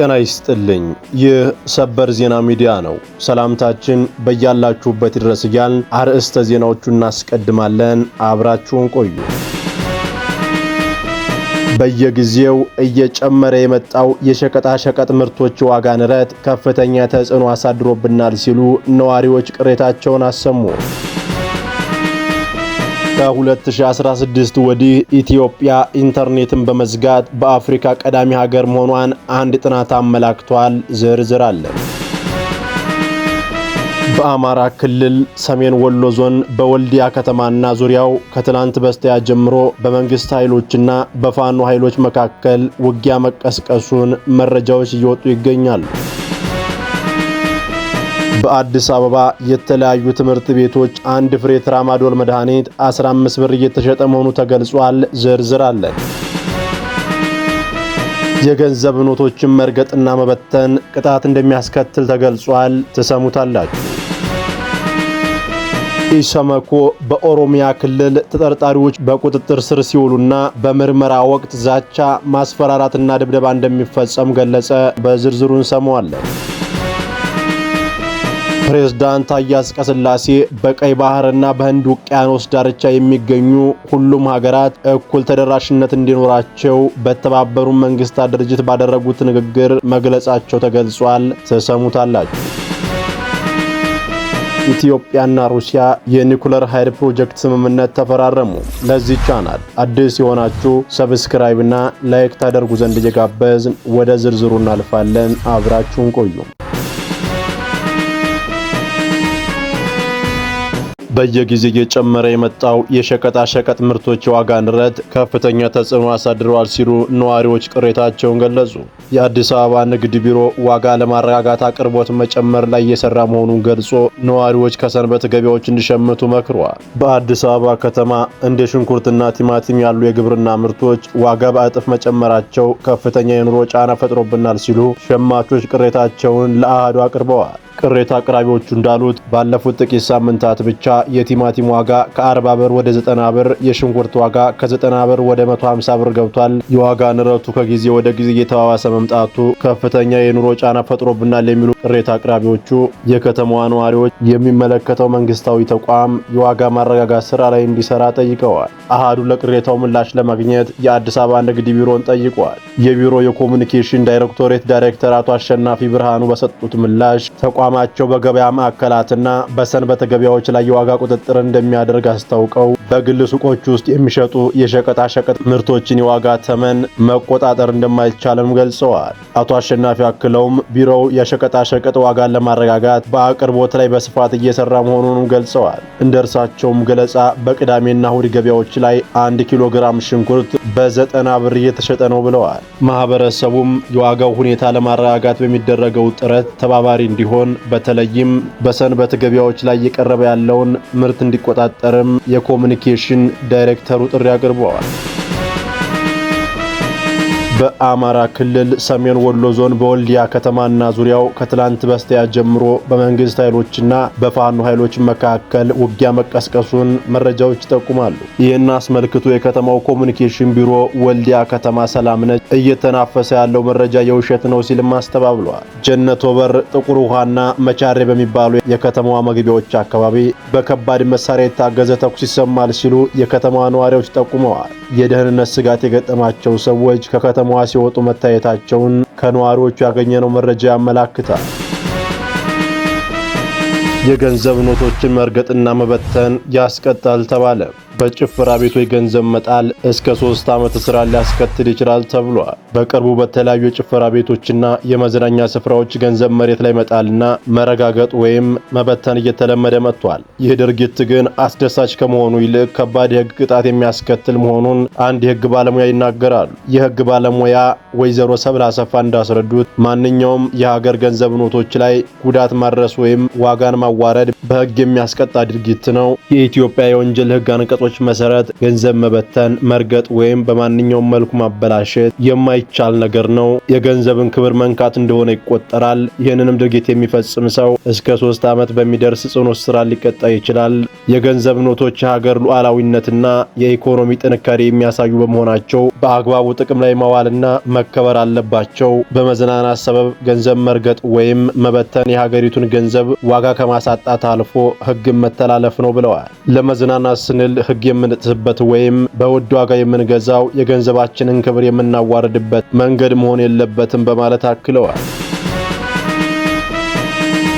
ጤና ይስጥልኝ። ይህ ሰበር ዜና ሚዲያ ነው። ሰላምታችን በያላችሁበት ይድረስ እያል አርዕስተ ዜናዎቹ እናስቀድማለን። አብራችሁን ቆዩ። በየጊዜው እየጨመረ የመጣው የሸቀጣሸቀጥ ምርቶች ዋጋ ንረት ከፍተኛ ተጽዕኖ አሳድሮብናል ሲሉ ነዋሪዎች ቅሬታቸውን አሰሙ። ከ2016 ወዲህ ኢትዮጵያ ኢንተርኔትን በመዝጋት በአፍሪካ ቀዳሚ ሀገር መሆኗን አንድ ጥናት አመላክቷል። ዝርዝር አለን። በአማራ ክልል ሰሜን ወሎ ዞን በወልዲያ ከተማና ዙሪያው ከትላንት በስቲያ ጀምሮ በመንግስት ኃይሎችና በፋኖ ኃይሎች መካከል ውጊያ መቀስቀሱን መረጃዎች እየወጡ ይገኛሉ። በአዲስ አበባ የተለያዩ ትምህርት ቤቶች አንድ ፍሬ ትራማዶል መድኃኒት 15 ብር እየተሸጠ መሆኑ ተገልጿል። ዝርዝር አለን። የገንዘብ ኖቶችን መርገጥና መበተን ቅጣት እንደሚያስከትል ተገልጿል። ትሰሙታላችሁ። ኢሰመኮ በኦሮሚያ ክልል ተጠርጣሪዎች በቁጥጥር ስር ሲውሉና በምርመራ ወቅት ዛቻ፣ ማስፈራራትና ድብደባ እንደሚፈጸም ገለጸ። በዝርዝሩ እንሰማዋለን። ፕሬዝዳንት ታዬ አጽቀሥላሴ በቀይ ባህርና በህንድ ውቅያኖስ ዳርቻ የሚገኙ ሁሉም ሀገራት እኩል ተደራሽነት እንዲኖራቸው በተባበሩ መንግስታት ድርጅት ባደረጉት ንግግር መግለጻቸው ተገልጿል። ተሰሙታላችሁ። ኢትዮጵያና ሩሲያ የኒኩለር ኃይል ፕሮጀክት ስምምነት ተፈራረሙ። ለዚህ ቻናል አዲስ የሆናችሁ ሰብስክራይብና ላይክ ታደርጉ ዘንድ እየጋበዝን ወደ ዝርዝሩ እናልፋለን። አብራችሁን ቆዩም። በየጊዜ እየጨመረ የመጣው የሸቀጣሸቀጥ ምርቶች የዋጋ ንረት ከፍተኛ ተጽዕኖ አሳድረዋል ሲሉ ነዋሪዎች ቅሬታቸውን ገለጹ። የአዲስ አበባ ንግድ ቢሮ ዋጋ ለማረጋጋት አቅርቦት መጨመር ላይ እየሰራ መሆኑን ገልጾ ነዋሪዎች ከሰንበት ገበያዎች እንዲሸምቱ መክሯል። በአዲስ አበባ ከተማ እንደ ሽንኩርትና ቲማቲም ያሉ የግብርና ምርቶች ዋጋ በእጥፍ መጨመራቸው ከፍተኛ የኑሮ ጫና ፈጥሮብናል ሲሉ ሸማቾች ቅሬታቸውን ለአህዱ አቅርበዋል። ቅሬታ አቅራቢዎቹ እንዳሉት ባለፉት ጥቂት ሳምንታት ብቻ የቲማቲም ዋጋ ከ40 ብር ወደ 90 ብር፣ የሽንኩርት ዋጋ ከ90 ብር ወደ 150 ብር ገብቷል። የዋጋ ንረቱ ከጊዜ ወደ ጊዜ እየተባባሰ መምጣቱ ከፍተኛ የኑሮ ጫና ፈጥሮብናል የሚሉ ቅሬታ አቅራቢዎቹ የከተማዋ ነዋሪዎች የሚመለከተው መንግስታዊ ተቋም የዋጋ ማረጋጋት ስራ ላይ እንዲሰራ ጠይቀዋል። አሃዱ ለቅሬታው ምላሽ ለማግኘት የአዲስ አበባ ንግድ ቢሮን ጠይቋል። የቢሮ የኮሚኒኬሽን ዳይሬክቶሬት ዳይሬክተር አቶ አሸናፊ ብርሃኑ በሰጡት ምላሽ ተቋ ተቋማቸው በገበያ ማዕከላትና በሰንበት ገበያዎች ላይ የዋጋ ቁጥጥር እንደሚያደርግ አስታውቀው በግል ሱቆች ውስጥ የሚሸጡ የሸቀጣ ሸቀጥ ምርቶችን የዋጋ ተመን መቆጣጠር እንደማይቻልም ገልጸዋል። አቶ አሸናፊ አክለውም ቢሮው የሸቀጣ ሸቀጥ ዋጋን ለማረጋጋት በአቅርቦት ላይ በስፋት እየሰራ መሆኑንም ገልጸዋል። እንደ እርሳቸውም ገለጻ በቅዳሜና እሁድ ገበያዎች ላይ አንድ ኪሎ ግራም ሽንኩርት በዘጠና ብር እየተሸጠ ነው ብለዋል። ማህበረሰቡም የዋጋው ሁኔታ ለማረጋጋት በሚደረገው ጥረት ተባባሪ እንዲሆን በተለይም በሰንበት ገበያዎች ላይ እየቀረበ ያለውን ምርት እንዲቆጣጠርም የኮሚኒኬሽን ዳይሬክተሩ ጥሪ አቅርበዋል። በአማራ ክልል ሰሜን ወሎ ዞን በወልዲያ ከተማና ዙሪያው ከትላንት በስቲያ ጀምሮ በመንግስት ኃይሎችና በፋኖ ኃይሎች መካከል ውጊያ መቀስቀሱን መረጃዎች ይጠቁማሉ። ይህን አስመልክቶ የከተማው ኮሚኒኬሽን ቢሮ ወልዲያ ከተማ ሰላም ነች፣ እየተናፈሰ ያለው መረጃ የውሸት ነው ሲልም አስተባብሏል። ጀነት ጥቁር ውሃና መቻሬ በሚባሉ የከተማዋ መግቢያዎች አካባቢ በከባድ መሳሪያ የታገዘ ተኩስ ይሰማል ሲሉ የከተማዋ ነዋሪዎች ጠቁመዋል። የደህንነት ስጋት የገጠማቸው ሰዎች ከከተማ ከተማዋ ሲወጡ መታየታቸውን ከነዋሪዎቹ ያገኘነው መረጃ ያመላክታል። የገንዘብ ኖቶችን መርገጥና መበተን ያስቀጣል ተባለ። በጭፈራ ቤቶች ገንዘብ መጣል እስከ ሶስት ዓመት ስራ ሊያስከትል ይችላል ተብሏል። በቅርቡ በተለያዩ የጭፈራ ቤቶችና የመዝናኛ ስፍራዎች ገንዘብ መሬት ላይ መጣልና መረጋገጥ ወይም መበተን እየተለመደ መጥቷል። ይህ ድርጊት ግን አስደሳች ከመሆኑ ይልቅ ከባድ የህግ ቅጣት የሚያስከትል መሆኑን አንድ የህግ ባለሙያ ይናገራሉ። የህግ ባለሙያ ወይዘሮ ሰብለ አሰፋ እንዳስረዱት ማንኛውም የሀገር ገንዘብ ኖቶች ላይ ጉዳት ማድረስ ወይም ዋጋን ማዋረድ በሕግ የሚያስቀጣ ድርጊት ነው። የኢትዮጵያ የወንጀል ህግ አንቀጾ መስፈርቶች መሰረት ገንዘብ መበተን፣ መርገጥ ወይም በማንኛውም መልኩ ማበላሸት የማይቻል ነገር ነው። የገንዘብን ክብር መንካት እንደሆነ ይቆጠራል። ይህንንም ድርጊት የሚፈጽም ሰው እስከ ሶስት ዓመት በሚደርስ ጽኑ እስራት ሊቀጣ ይችላል። የገንዘብ ኖቶች የሀገር ሉዓላዊነትና የኢኮኖሚ ጥንካሬ የሚያሳዩ በመሆናቸው በአግባቡ ጥቅም ላይ መዋልና መከበር አለባቸው። በመዝናናት ሰበብ ገንዘብ መርገጥ ወይም መበተን የሀገሪቱን ገንዘብ ዋጋ ከማሳጣት አልፎ ሕግን መተላለፍ ነው ብለዋል። ለመዝናናት ስንል ሰርግ የምንጥስበት ወይም በውድ ዋጋ የምንገዛው የገንዘባችንን ክብር የምናዋርድበት መንገድ መሆን የለበትም በማለት አክለዋል።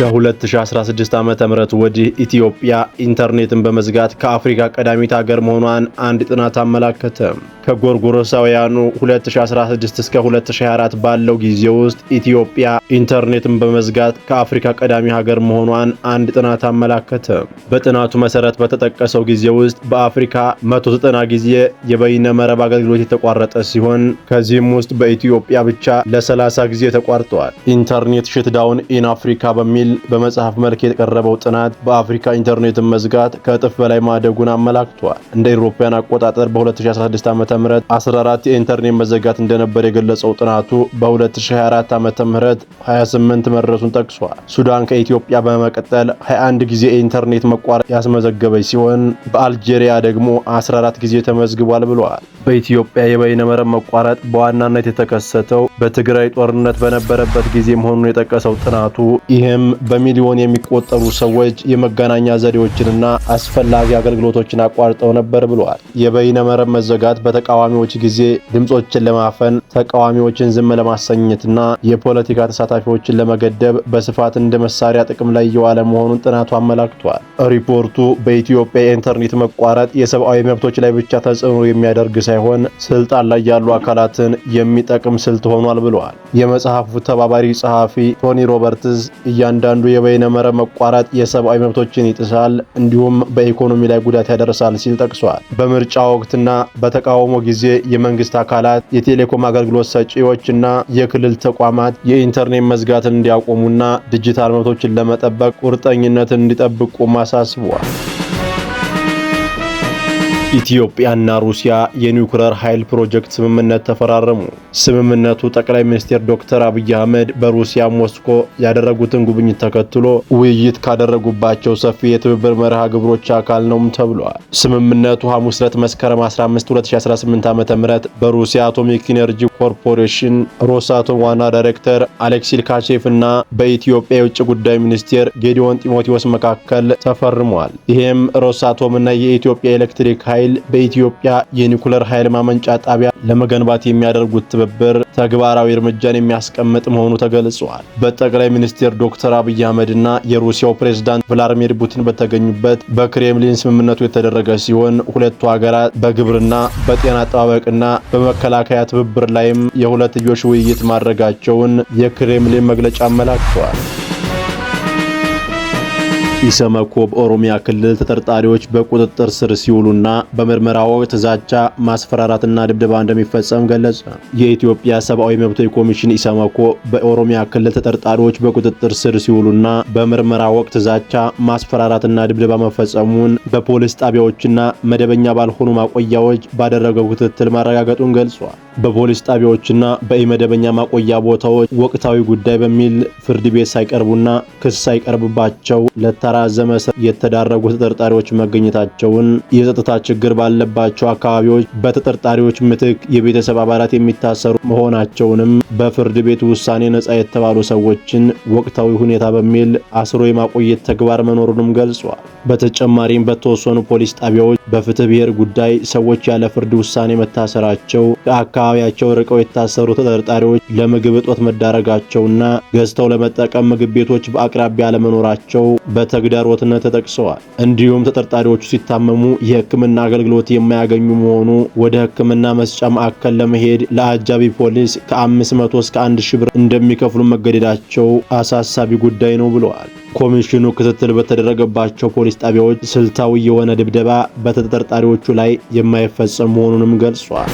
ከ2016 ዓ ም ወዲህ ኢትዮጵያ ኢንተርኔትን በመዝጋት ከአፍሪካ ቀዳሚት ሀገር መሆኗን አንድ ጥናት አመላከተ። ከጎርጎሮሳውያኑ 2016 እስከ 2024 ባለው ጊዜ ውስጥ ኢትዮጵያ ኢንተርኔትን በመዝጋት ከአፍሪካ ቀዳሚ ሀገር መሆኗን አንድ ጥናት አመላከተ። በጥናቱ መሰረት በተጠቀሰው ጊዜ ውስጥ በአፍሪካ 190 ጊዜ የበይነ መረብ አገልግሎት የተቋረጠ ሲሆን ከዚህም ውስጥ በኢትዮጵያ ብቻ ለ30 ጊዜ ተቋርጧል። ኢንተርኔት ሽትዳውን ኢን አፍሪካ በሚል ሲል በመጽሐፍ መልክ የቀረበው ጥናት በአፍሪካ ኢንተርኔትን መዝጋት ከእጥፍ በላይ ማደጉን አመላክቷል። እንደ አውሮፓውያን አቆጣጠር በ2016 ዓ ም 14 የኢንተርኔት መዘጋት እንደነበር የገለጸው ጥናቱ በ2024 ዓ ም 28 መድረሱን ጠቅሷል። ሱዳን ከኢትዮጵያ በመቀጠል 21 ጊዜ የኢንተርኔት መቋረጥ ያስመዘገበች ሲሆን በአልጄሪያ ደግሞ 14 ጊዜ ተመዝግቧል ብለዋል። በኢትዮጵያ የበይነመረብ መቋረጥ በዋናነት የተከሰተው በትግራይ ጦርነት በነበረበት ጊዜ መሆኑን የጠቀሰው ጥናቱ ይህም በሚሊዮን የሚቆጠሩ ሰዎች የመገናኛ ዘዴዎችንና አስፈላጊ አገልግሎቶችን አቋርጠው ነበር ብለዋል። የበይነ መረብ መዘጋት በተቃዋሚዎች ጊዜ ድምፆችን ለማፈን ተቃዋሚዎችን ዝም ለማሰኘትና የፖለቲካ ተሳታፊዎችን ለመገደብ በስፋት እንደ መሳሪያ ጥቅም ላይ እየዋለ መሆኑን ጥናቱ አመላክቷል። ሪፖርቱ በኢትዮጵያ የኢንተርኔት መቋረጥ የሰብአዊ መብቶች ላይ ብቻ ተጽዕኖ የሚያደርግ ሳይሆን ስልጣን ላይ ያሉ አካላትን የሚጠቅም ስልት ሆኗል ብለዋል። የመጽሐፉ ተባባሪ ጸሐፊ ቶኒ ሮበርትስ እያንዳ እያንዳንዱ የበይነ መረብ መቋረጥ የሰብአዊ መብቶችን ይጥሳል፣ እንዲሁም በኢኮኖሚ ላይ ጉዳት ያደርሳል ሲል ጠቅሷል። በምርጫ ወቅትና በተቃውሞ ጊዜ የመንግስት አካላት፣ የቴሌኮም አገልግሎት ሰጪዎችና የክልል ተቋማት የኢንተርኔት መዝጋትን እንዲያቆሙና ዲጂታል መብቶችን ለመጠበቅ ቁርጠኝነትን እንዲጠብቁም ማሳስቧል። ኢትዮጵያና ሩሲያ የኒውክሌር ኃይል ፕሮጀክት ስምምነት ተፈራረሙ። ስምምነቱ ጠቅላይ ሚኒስትር ዶክተር አብይ አህመድ በሩሲያ ሞስኮ ያደረጉትን ጉብኝት ተከትሎ ውይይት ካደረጉባቸው ሰፊ የትብብር መርሃ ግብሮች አካል ነውም ተብሏል። ስምምነቱ ሐሙስ ዕለት መስከረም 15 2018 ዓ.ም በሩሲያ አቶሚክ ኢነርጂ ኮርፖሬሽን ሮሳቶም ዋና ዳይሬክተር አሌክሲ ልካሼፍ እና በኢትዮጵያ የውጭ ጉዳይ ሚኒስቴር ጌዲዮን ጢሞቴዎስ መካከል ተፈርሟል። ይህም ሮሳቶም እና የኢትዮጵያ ኤሌክትሪክ ኃይል ኃይል በኢትዮጵያ የኒኩለር ኃይል ማመንጫ ጣቢያ ለመገንባት የሚያደርጉት ትብብር ተግባራዊ እርምጃን የሚያስቀምጥ መሆኑ ተገልጿል። በጠቅላይ ሚኒስትር ዶክተር አብይ አህመድና የሩሲያው ፕሬዝዳንት ቭላዲሚር ፑቲን በተገኙበት በክሬምሊን ስምምነቱ የተደረገ ሲሆን ሁለቱ ሀገራት በግብርና በጤና አጠባበቅና በመከላከያ ትብብር ላይም የሁለትዮሽ ውይይት ማድረጋቸውን የክሬምሊን መግለጫ አመላክተዋል። ኢሰመኮ በኦሮሚያ ክልል ተጠርጣሪዎች በቁጥጥር ስር ሲውሉና በምርመራ ወቅት ዛቻ፣ ማስፈራራትና ድብደባ እንደሚፈጸም ገለጸ። የኢትዮጵያ ሰብአዊ መብቶች ኮሚሽን ኢሰመኮ በኦሮሚያ ክልል ተጠርጣሪዎች በቁጥጥር ስር ሲውሉና በምርመራ ወቅት ዛቻ፣ ማስፈራራትና ድብደባ መፈጸሙን በፖሊስ ጣቢያዎችና መደበኛ ባልሆኑ ማቆያዎች ባደረገው ክትትል ማረጋገጡን ገልጿል። በፖሊስ ጣቢያዎችና በኢመደበኛ ማቆያ ቦታዎች ወቅታዊ ጉዳይ በሚል ፍርድ ቤት ሳይቀርቡና ክስ ሳይቀርብባቸው ለተራዘመ እስር የተዳረጉ ተጠርጣሪዎች መገኘታቸውን የጸጥታ ችግር ባለባቸው አካባቢዎች በተጠርጣሪዎች ምትክ የቤተሰብ አባላት የሚታሰሩ መሆናቸውንም በፍርድ ቤት ውሳኔ ነጻ የተባሉ ሰዎችን ወቅታዊ ሁኔታ በሚል አስሮ የማቆየት ተግባር መኖሩንም ገልጿል። በተጨማሪም በተወሰኑ ፖሊስ ጣቢያዎች በፍትህ ብሔር ጉዳይ ሰዎች ያለ ፍርድ ውሳኔ መታሰራቸው ከአካባቢ ከአካባቢያቸው ርቀው የታሰሩ ተጠርጣሪዎች ለምግብ እጦት መዳረጋቸውና ገዝተው ለመጠቀም ምግብ ቤቶች በአቅራቢያ ለመኖራቸው በተግዳሮትነት ተጠቅሰዋል። እንዲሁም ተጠርጣሪዎቹ ሲታመሙ የሕክምና አገልግሎት የማያገኙ መሆኑ ወደ ሕክምና መስጫ ማዕከል ለመሄድ ለአጃቢ ፖሊስ ከ500 እስከ 1000 ብር እንደሚከፍሉ መገደዳቸው አሳሳቢ ጉዳይ ነው ብለዋል። ኮሚሽኑ ክትትል በተደረገባቸው ፖሊስ ጣቢያዎች ስልታዊ የሆነ ድብደባ በተጠርጣሪዎቹ ላይ የማይፈጸም መሆኑንም ገልጿል።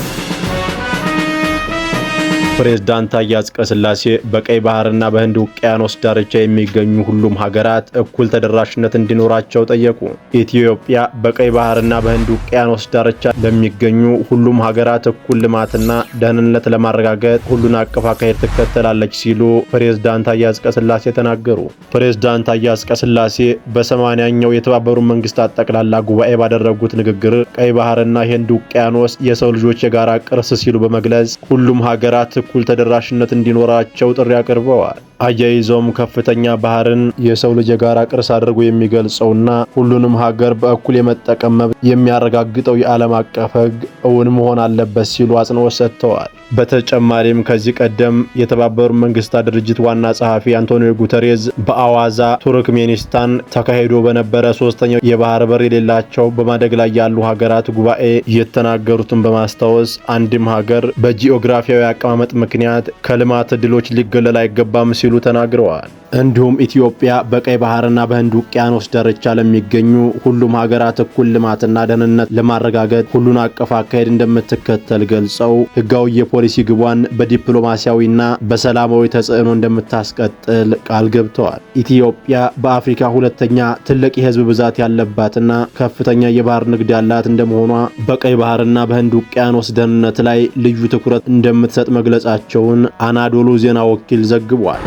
ፕሬዝዳንት ታዬ ሥላሴ በቀይ ባህርና በህንድ ውቅያኖስ ዳርቻ የሚገኙ ሁሉም ሀገራት እኩል ተደራሽነት እንዲኖራቸው ጠየቁ። ኢትዮጵያ በቀይ ባህርና በህንድ ውቅያኖስ ዳርቻ ለሚገኙ ሁሉም ሀገራት እኩል ልማትና ደህንነት ለማረጋገጥ ሁሉን አቀፍ አካሄድ ትከተላለች ሲሉ ፕሬዝዳንት ታዬ አጽቀሥላሴ ተናገሩ። ፕሬዝዳንት ታዬ አጽቀሥላሴ በሰማንያኛው የተባበሩት መንግስታት ጠቅላላ ጉባኤ ባደረጉት ንግግር ቀይ ባህርና የህንድ ውቅያኖስ የሰው ልጆች የጋራ ቅርስ ሲሉ በመግለጽ ሁሉም ሀገራት እኩል ተደራሽነት እንዲኖራቸው ጥሪ አቅርበዋል። አያይዘውም ከፍተኛ ባህርን የሰው ልጅ የጋራ ቅርስ አድርጎ የሚገልጸውና ሁሉንም ሀገር በእኩል የመጠቀም መብት የሚያረጋግጠው የዓለም አቀፍ ሕግ እውን መሆን አለበት ሲሉ አጽንኦት ሰጥተዋል። በተጨማሪም ከዚህ ቀደም የተባበሩት መንግስታት ድርጅት ዋና ጸሐፊ አንቶኒዮ ጉተሬዝ በአዋዛ ቱርክሜኒስታን ተካሂዶ በነበረ ሶስተኛው የባህር በር የሌላቸው በማደግ ላይ ያሉ ሀገራት ጉባኤ የተናገሩትን በማስታወስ አንድም ሀገር በጂኦግራፊያዊ አቀማመጥ ምክንያት ከልማት እድሎች ሊገለል አይገባም ሲሉ ተናግረዋል። እንዲሁም ኢትዮጵያ በቀይ ባህርና በህንድ ውቅያኖስ ዳርቻ ለሚገኙ ሁሉም ሀገራት እኩል ልማትና ደህንነት ለማረጋገጥ ሁሉን አቀፍ አካሄድ እንደምትከተል ገልጸው ህጋዊ የፖሊሲ ግቧን በዲፕሎማሲያዊና በሰላማዊ ተጽዕኖ እንደምታስቀጥል ቃል ገብተዋል። ኢትዮጵያ በአፍሪካ ሁለተኛ ትልቅ የህዝብ ብዛት ያለባትና ከፍተኛ የባህር ንግድ ያላት እንደመሆኗ በቀይ ባህርና በህንድ ውቅያኖስ ደህንነት ላይ ልዩ ትኩረት እንደምትሰጥ መግለጻቸውን አናዶሉ ዜና ወኪል ዘግቧል።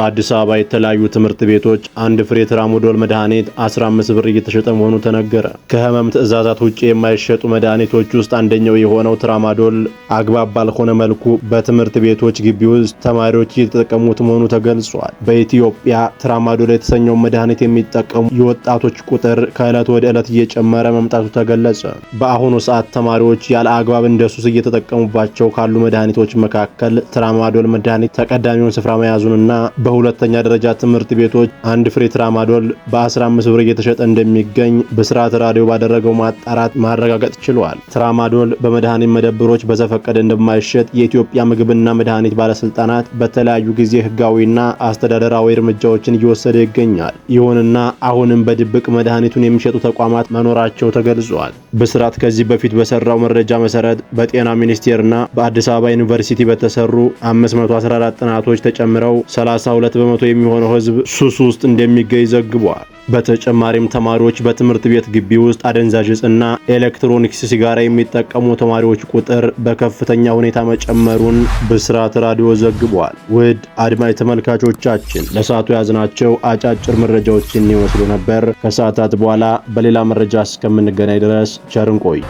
በአዲስ አበባ የተለያዩ ትምህርት ቤቶች አንድ ፍሬ ትራሞዶል መድኃኒት 15 ብር እየተሸጠ መሆኑ ተነገረ። ከህመም ትዕዛዛት ውጭ የማይሸጡ መድኃኒቶች ውስጥ አንደኛው የሆነው ትራማዶል አግባብ ባልሆነ መልኩ በትምህርት ቤቶች ግቢ ውስጥ ተማሪዎች እየተጠቀሙት መሆኑ ተገልጿል። በኢትዮጵያ ትራማዶል የተሰኘውን መድኃኒት የሚጠቀሙ የወጣቶች ቁጥር ከዕለት ወደ ዕለት እየጨመረ መምጣቱ ተገለጸ። በአሁኑ ሰዓት ተማሪዎች ያለ አግባብ እንደ ሱስ እየተጠቀሙባቸው ካሉ መድኃኒቶች መካከል ትራማዶል መድኃኒት ተቀዳሚውን ስፍራ መያዙንና በ በሁለተኛ ደረጃ ትምህርት ቤቶች አንድ ፍሬ ትራማዶል በ15 ብር እየተሸጠ እንደሚገኝ ብስራት ራዲዮ ባደረገው ማጣራት ማረጋገጥ ችሏል። ትራማዶል በመድኃኒት መደብሮች በዘፈቀደ እንደማይሸጥ የኢትዮጵያ ምግብና መድኃኒት ባለስልጣናት በተለያዩ ጊዜ ህጋዊና አስተዳደራዊ እርምጃዎችን እየወሰደ ይገኛል። ይሁንና አሁንም በድብቅ መድኃኒቱን የሚሸጡ ተቋማት መኖራቸው ተገልጿል። ብስራት ከዚህ በፊት በሰራው መረጃ መሰረት በጤና ሚኒስቴርና በአዲስ አበባ ዩኒቨርሲቲ በተሰሩ 514 ጥናቶች ተጨምረው 32 ሁለት በመቶ የሚሆነው ህዝብ ሱስ ውስጥ እንደሚገኝ ዘግቧል። በተጨማሪም ተማሪዎች በትምህርት ቤት ግቢ ውስጥ አደንዛዥ እጽና ኤሌክትሮኒክስ ሲጋራ የሚጠቀሙ ተማሪዎች ቁጥር በከፍተኛ ሁኔታ መጨመሩን ብስራት ራዲዮ ዘግቧል። ውድ አድማጭ ተመልካቾቻችን ለሰዓቱ ያዝናቸው አጫጭር መረጃዎችን ይመስሉ ነበር። ከሰዓታት በኋላ በሌላ መረጃ እስከምንገናኝ ድረስ ቸርን ቆይ